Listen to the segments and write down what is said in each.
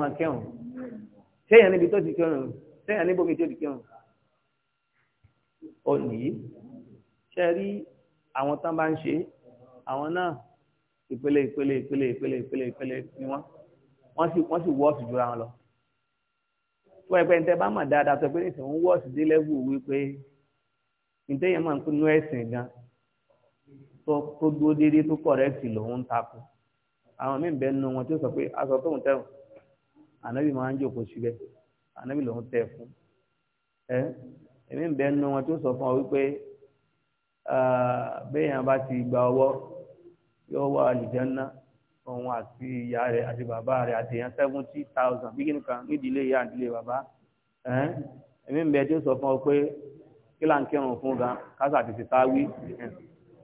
máa kẹ́hùn sẹ́yìn níbi tó ti kẹ́hùn sẹ́yìn níbo mi tó ti kẹ́hùn ọ̀nì yìí ṣe rí àwọn tán bá ń ṣe àwọn náà ìpele ìpele ìpele ìpele ìpele ìpele ni wọ́n wọ́n sì wọ́n sì wọ́ọ̀sì jura wọn lọ tó ẹgbẹ́ ní tẹ́ bá mọ̀ dáadáa sọ pé ní ìsìn wọ́ọ̀sì dé lẹ́wù wípé ìtẹ́yẹ̀ máa ń pinnu ẹ̀sìn gan tó dúró déédéé tó kọ̀rẹ́ẹ̀tì lòun ń takò àwọn míì bẹ́ẹ̀ nu wọn tí ó sọ pé aṣọ tóun tẹ̀wọ̀n ànábì máa ń jòkó síbẹ̀ ànábì ló ń tẹ̀ fún ẹ èmi ń bẹ nu wọn tó sọ fún ọ wípé béèyàn bá ti gba ọwọ́ yóò wá àlùjànnà òun àti ìyá rẹ̀ àti bàbá rẹ̀ àti èèyàn seventy thousand bí kìnnìkà nídìílé ìyá àdílé bàbá èmi ń bẹ tó sọ fún ọ pé kí là ń kírun fún gan kásà ti ti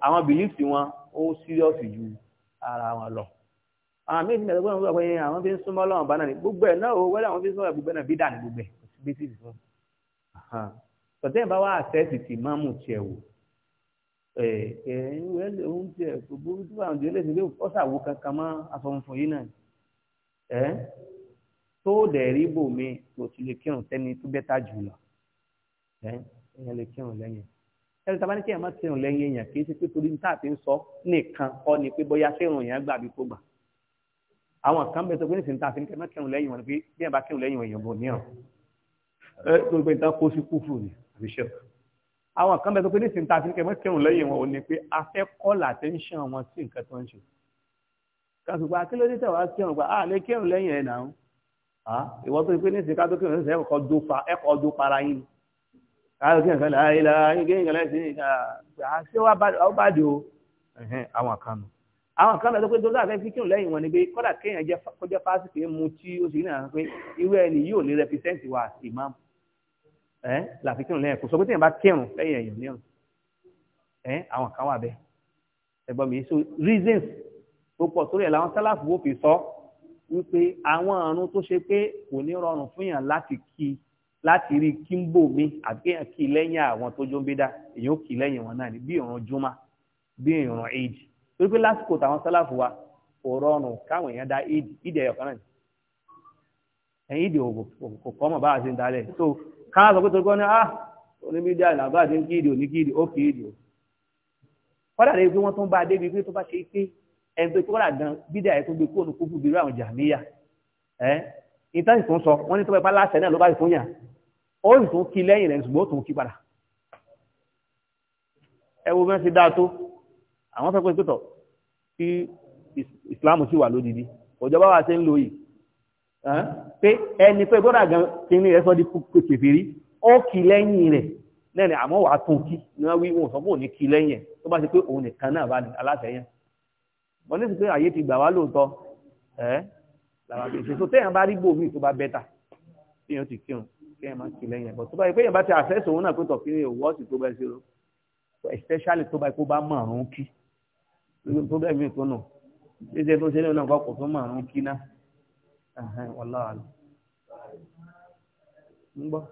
àwọn bìlífì wọn ó sírọ́ọ̀sì ju ara wọn lọ àwọn méjì náà gbọ́dọ̀ wọ́n pé àwọn fi ń súnmọ́ lọ́wọ́n bá náà ni gbogbo ẹ̀ náà o wẹ́lẹ̀ àwọn fi ń súnmọ́ gbogbo náà bí dàní gbogbo ẹ̀ bí sì fún un. tọ́tẹ́ bá wá àṣẹ́sì tì máa mú tiẹ̀ wò ẹ̀ ẹ̀ wẹ́lẹ̀ òun tiẹ̀ kò burú tó àwọn ìdílé ti lé ọ̀sàwò kankan mọ́ afọ̀nfọ̀n yìí náà ẹ̀ tó dẹ̀ rí bò mí kò tún lè kírun tẹ́ni tó bẹ́tà jù lọ tí a bá ní kí èèyàn má ti lẹ́yìn èèyàn kì í ṣe pé torí ní táà ń sọ nìkan kọ́ ni pé bóyá ṣé ìrùn èèyàn gbà bí kò gbà àwọn kan bẹ tó gbé nísìnyí tá a fi ní kẹmẹ kẹrùn lẹ́yìn wọn pé bí ẹ bá kẹrùn lẹ́yìn wọn èèyàn bò níyàn ẹ gbogbo ìtàn kó sí kúfù ni àbí ṣe àwọn kan bẹ tó gbé nísìnyí tá a fi ní kẹmẹ kẹrùn lẹ́yìn wọn ò ní pé a fẹ́ call attention wọn sí nǹkan tó ń ṣe kàtùkù akílódé tẹ̀wá kẹrùn gba àlẹ́ kẹrùn lẹ́yìn ẹ̀ náà à ìwọ tó gbé nísìnyí ká tó kẹrùn lẹ́sẹ̀ ẹ̀kọ́ dó para yín káyọ̀ kí nǹkan láyé kí nǹkan lẹ́sìn àwọn kan lọ́dọ́ pé tó dáa fẹ́ fi kírun lẹ́yìn wọn ni pé kọ́dà kéèyàn jẹ́ kọjá fásitì pé mu tí ó sì ní àwọn pé irú ẹni yóò ní rẹpísẹ́ǹtì wa àti ìmáàmù ẹ làfi kírun lẹ́yìn kò sọ pé téèyàn bá kírun lẹ́yìn ẹ̀yàn ní ọ̀run ẹ àwọn kan wà bẹ́ẹ̀ ẹ̀gbọ́n mi so reasons tó pọ̀ torí ẹ̀ làwọn sálàfù ó fi sọ wípé àwọn àrùn tó ṣe pé kò ní rọrùn fún yàn láti kí láti rí kíńbò mi àti kéèyàn kí lẹ́yìn àwọn tó jó ń bí dá èèyàn ó torí pé lásìkò tàwọn sálàfù wa kò rọrùn káwọn èèyàn dá ìdí ìdí ẹ̀yọ̀ kan náà ẹ̀yìn ìdí kò kọ́mọ̀ bá a ṣe ń dalẹ̀ so káwọn sọ pé torí kọ́ ní ah onímídíà ìlànà bá a ṣe ń kí ìdí òní kí ìdí ó kì í ìdí o kọ́dà rẹ̀ pé wọ́n tún bá a débi pé tó bá ṣe pé ẹni tó kọ́dà gan bídíà ẹ̀ tó gbé kóònù kó fúbi irú àwọn jàmíyà ẹ́ ìtàn ìtún sọ wọ́n ní tó bá láṣẹ náà ló kí ìsìláàmù sì wà lódìdí ọjọba wa ṣe ń lo yìí pé ẹni pé bọ́dà gan kíní rẹ̀ sọ́ di kèfèrí ó kì lẹ́yìn rẹ̀ lẹ́nu àmọ́ wàá tún kí ni wọ́n wí wọn sọ fún òní kí lẹ́yìn ẹ̀ tó bá ṣe pé òun nìkan náà bá ní alátẹ̀yẹn wọ́n ní sí pé àyè ti gbà wá lóòótọ́ ẹ́ làwọn àti ìṣèṣò téèyàn bá rí gbòmí tó bá bẹ́tà téèyàn ti kírun téèyàn máa kí lẹ́yìn ẹ̀ bọ́ tó bá yẹ pé èèyàn bá ti kí nínú problem yìí kọ́nà ṣíṣe tó ṣe lẹ́yìn náà kọ́kọ́ tó máa ń kíná wàláhàlì ń gbọ́.